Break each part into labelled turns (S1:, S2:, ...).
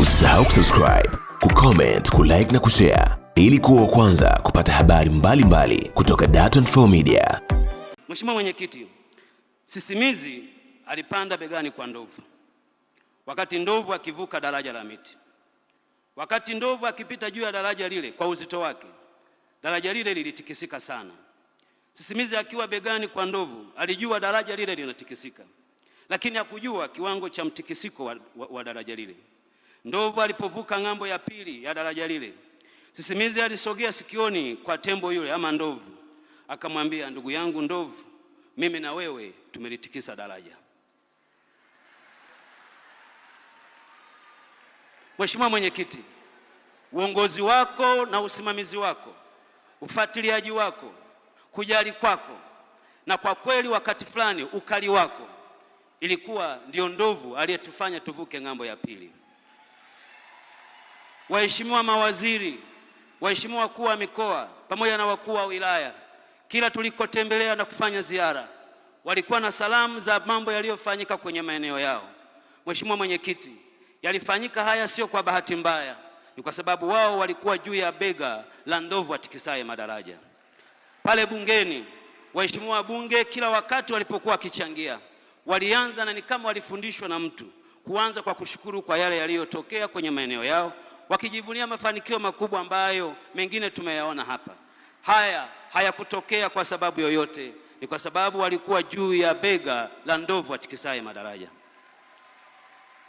S1: Usisahau kusubscribe, kucomment, kulike na kushare ili kuwa kwanza kupata habari mbalimbali mbali kutoka Dar24 Media.
S2: Mheshimiwa Mwenyekiti, sisimizi alipanda begani kwa ndovu wakati ndovu akivuka daraja la miti. Wakati ndovu akipita juu ya daraja lile kwa uzito wake, daraja lile lilitikisika sana. Sisimizi akiwa begani kwa ndovu alijua daraja lile linatikisika, lakini hakujua kiwango cha mtikisiko wa, wa, wa daraja lile. Ndovu alipovuka ng'ambo ya pili ya daraja lile, sisimizi alisogea sikioni kwa tembo yule ama ndovu, akamwambia, ndugu yangu ndovu, mimi na wewe tumelitikisa daraja. Mheshimiwa Mwenyekiti, uongozi wako na usimamizi wako, ufuatiliaji wako, kujali kwako na kwa kweli wakati fulani ukali wako ilikuwa ndio ndovu aliyetufanya tuvuke ng'ambo ya pili waheshimiwa mawaziri, waheshimiwa wakuu wa mikoa pamoja na wakuu wa wilaya, kila tulikotembelea na kufanya ziara walikuwa na salamu za mambo yaliyofanyika kwenye maeneo yao. Mheshimiwa Mwenyekiti, yalifanyika haya sio kwa bahati mbaya, ni kwa sababu wao walikuwa juu ya bega la ndovu atikisaye madaraja. Pale bungeni, waheshimiwa wabunge kila wakati walipokuwa wakichangia, walianza na ni kama walifundishwa na mtu, kuanza kwa kushukuru kwa yale yaliyotokea kwenye maeneo yao wakijivunia mafanikio makubwa ambayo mengine tumeyaona hapa. Haya hayakutokea kwa sababu yoyote, ni kwa sababu walikuwa juu ya bega la ndovu atikisaye madaraja.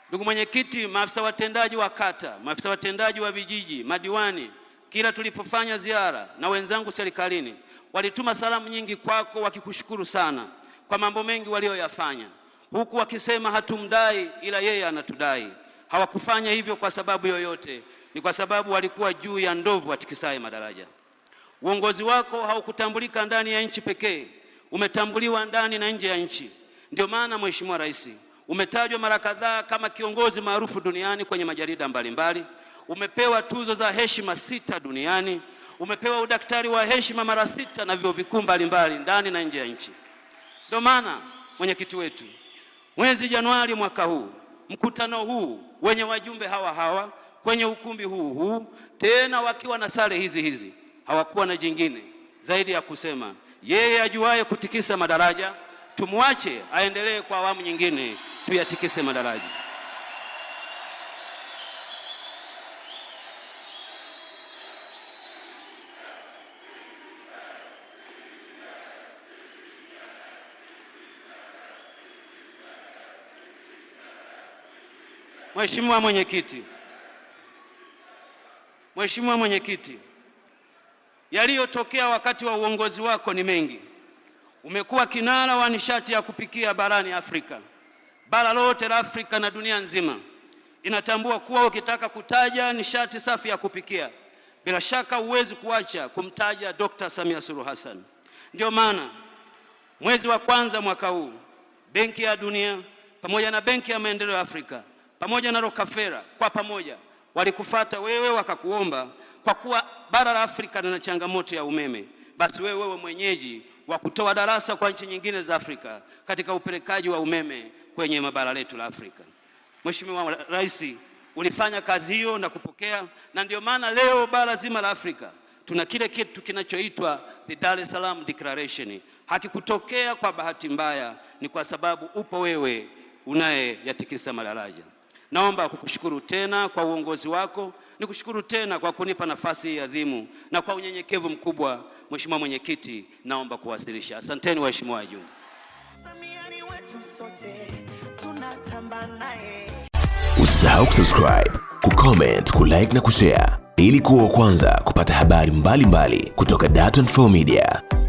S2: Ndugu mwenyekiti, maafisa watendaji wa kata, maafisa watendaji wa vijiji, madiwani, kila tulipofanya ziara na wenzangu serikalini, walituma salamu nyingi kwako wakikushukuru sana kwa mambo mengi walioyafanya, huku wakisema hatumdai ila yeye anatudai hawakufanya hivyo kwa sababu yoyote, ni kwa sababu walikuwa juu ya ndovu atikisaye madaraja. Uongozi wako haukutambulika ndani ya nchi pekee, umetambuliwa ndani na nje ya nchi. Ndio maana Mheshimiwa Rais, umetajwa mara kadhaa kama kiongozi maarufu duniani kwenye majarida mbalimbali mbali. Umepewa tuzo za heshima sita duniani, umepewa udaktari wa heshima mara sita na vyuo vikuu mbalimbali ndani na nje ya nchi. Ndio maana mwenyekiti wetu, mwezi Januari mwaka huu mkutano huu wenye wajumbe hawa hawa kwenye ukumbi huu huu tena wakiwa na sare hizi hizi. Hawakuwa na jingine zaidi ya kusema yeye ajuaye kutikisa madaraja, tumwache aendelee kwa awamu nyingine, tuyatikise madaraja. Mheshimiwa Mwenyekiti, Mheshimiwa Mwenyekiti, yaliyotokea wakati wa uongozi wako ni mengi. Umekuwa kinara wa nishati ya kupikia barani Afrika. Bara lote la Afrika na dunia nzima inatambua kuwa ukitaka kutaja nishati safi ya kupikia, bila shaka huwezi kuacha kumtaja Dr. Samia Suluhu Hassan. Ndiyo maana mwezi wa kwanza mwaka huu Benki ya Dunia pamoja na Benki ya Maendeleo ya Afrika pamoja na rokafera kwa pamoja walikufata wewe wakakuomba, kwa kuwa bara la Afrika lina changamoto ya umeme, basi wewe wewe mwenyeji wa kutoa darasa kwa nchi nyingine za Afrika katika upelekaji wa umeme kwenye mabara letu la Afrika. Mheshimiwa Rais, ulifanya kazi hiyo na kupokea, na ndio maana leo bara zima la Afrika tuna kile kitu kinachoitwa the Dar es Salaam Declaration. Hakikutokea kwa bahati mbaya, ni kwa sababu upo wewe unaye yatikisa madaraja. Naomba kukushukuru tena kwa uongozi wako, nikushukuru tena kwa kunipa nafasi hii adhimu, na kwa unyenyekevu mkubwa, Mheshimiwa Mwenyekiti, naomba kuwasilisha. Asanteni waheshimiwa wajumbe. Samiani wetu Usisahau kusubscribe, kucomment, kulike na kushare ili kuwa wa kwanza kupata habari mbalimbali mbali kutoka Dar24 Media.